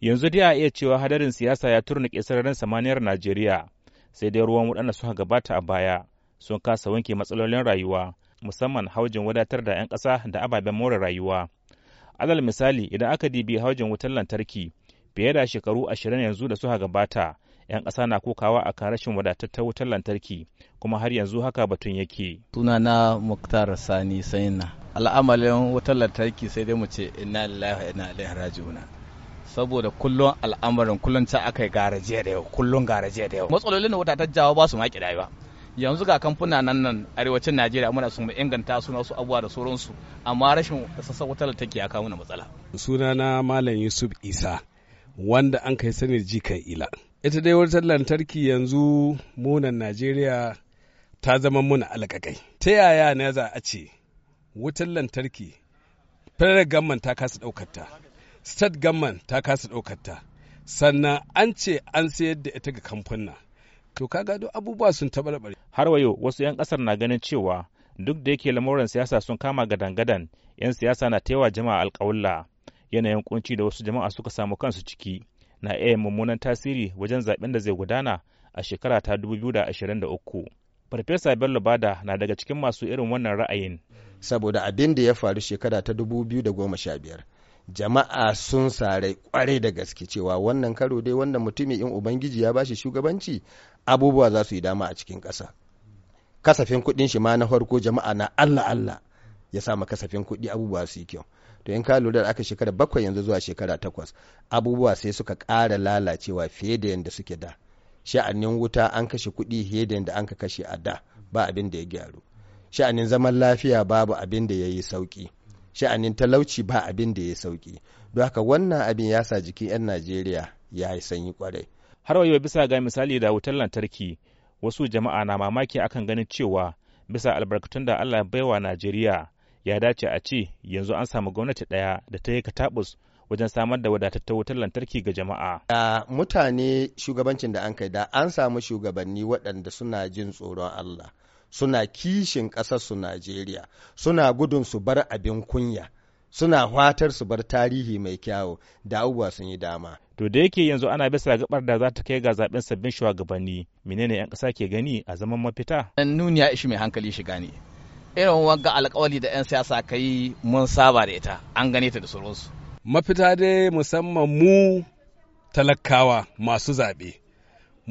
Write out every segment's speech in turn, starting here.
yanzu dai a iya cewa hadarin siyasa ya turnuƙe sararin samaniyar najeriya sai dai ruwan waɗanda suka gabata a baya sun kasa wanke matsalolin rayuwa musamman haujin wadatar da 'yan ƙasa da ababen more rayuwa alal misali idan aka dibi haujin wutar lantarki fiye da shekaru ashirin yanzu da suka gabata 'yan ƙasa na kokawa a kan rashin wadatattar wutar lantarki kuma har yanzu haka batun yake na muktar sani sayina al'amalin wutar lantarki sai dai mu ce inna lillahi wa inna ilaihi raji'un saboda kullum al'amarin kullum ta aka yi garaje da yau kullum garaje da yau matsalolin da wata ta jawo ba su maki ba. yanzu ga kamfuna nan nan arewacin najeriya muna sun inganta suna su abuwa da sauransu amma rashin sassan wutar take ya kawo matsala sunana malam yusuf isa wanda an kai sani jikan ila ita dai wutar lantarki yanzu munan najeriya ta zama muna alƙaƙai ta yaya ne za a ce wutar lantarki fara gamman ta kasa ɗaukar ta state government ta kasa ɗaukar ta sannan an ce an sayar da ita ga kamfanin to ka gado abubuwa sun taɓarɓare har wayo wasu 'yan ƙasar na ganin cewa duk da yake lamuran siyasa sun kama gadangadan 'yan siyasa na taiwa jama'a alƙawulla yanayin kunci da wasu jama'a suka samu kansu ciki na iya mummunan tasiri wajen zaben da zai gudana a shekara ta 2023 farfesa bello bada na daga cikin masu irin wannan ra'ayin saboda abin da ya faru shekara ta biyar. jama'a sun sare kware da gaske cewa wannan karo dai wanda mutumin in ubangiji ya bashi shugabanci abubuwa za su yi dama a cikin ƙasa kasafin kuɗin shi ma na farko jama'a na allah allah ya sama kasafin kuɗi abubuwa su yi kyau to in ka lura da aka shekara bakwai yanzu zuwa shekara takwas abubuwa sai suka ƙara lalacewa fiye da yadda suke da sha'anin wuta an kashe kuɗi fiye da yadda an ka kashe a da ba abin da ya gyaru sha'anin zaman lafiya babu abin da ya yi sauƙi sha'anin talauci ba abin da ya sauki don haka wannan abin ya sa jikin 'yan najeriya ya yi sanyi kwarai har wayo bisa ga misali da wutar lantarki wasu jama'a na mamaki akan ganin cewa bisa albarkatun da allah baiwa najeriya ya dace a ce yanzu an samu gwamnati ɗaya da ta yi katabus wajen samar da wadatattun wutar lantarki ga jama'a. Da mutane shugabancin da an kai da an samu shugabanni waɗanda suna jin tsoron Allah suna kishin ƙasarsu Najeriya suna gudun su bar abin kunya suna fatar su bar tarihi mai kyawu da abubuwa sun yi dama. To da yake yanzu ana bisa gabar da za ta kai ga zaben sabbin shugabanni menene 'yan ƙasa ke gani a zaman mafita? Nuni ya ishi mai hankali shiga ne. Irin wanga alƙawari da 'yan siyasa ka yi mun saba da ita an gane ta da sauransu. Mafita dai musamman mu talakawa masu zaɓe.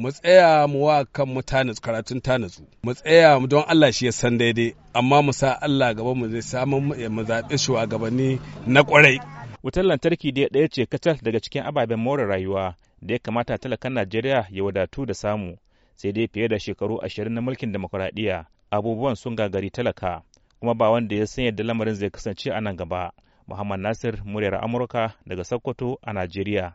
mu tsaya mu wa kan mu tanatsu karatun tanatsu mu tsaya mu don Allah shi ya san daidai amma mu sa Allah gaba mu zai samu mu eh, zaɓe shugabanni na kwarai. Wutar lantarki dai ɗaya ce kacal daga cikin ababen more rayuwa da ya kamata talakan Najeriya ya wadatu da samu sai dai fiye da shekaru ashirin na mulkin demokuraɗiyya abubuwan sun gagari talaka kuma ba wanda ya san yadda lamarin zai kasance a nan gaba. Muhammad Nasir, muryar Amurka daga Sokoto a Najeriya.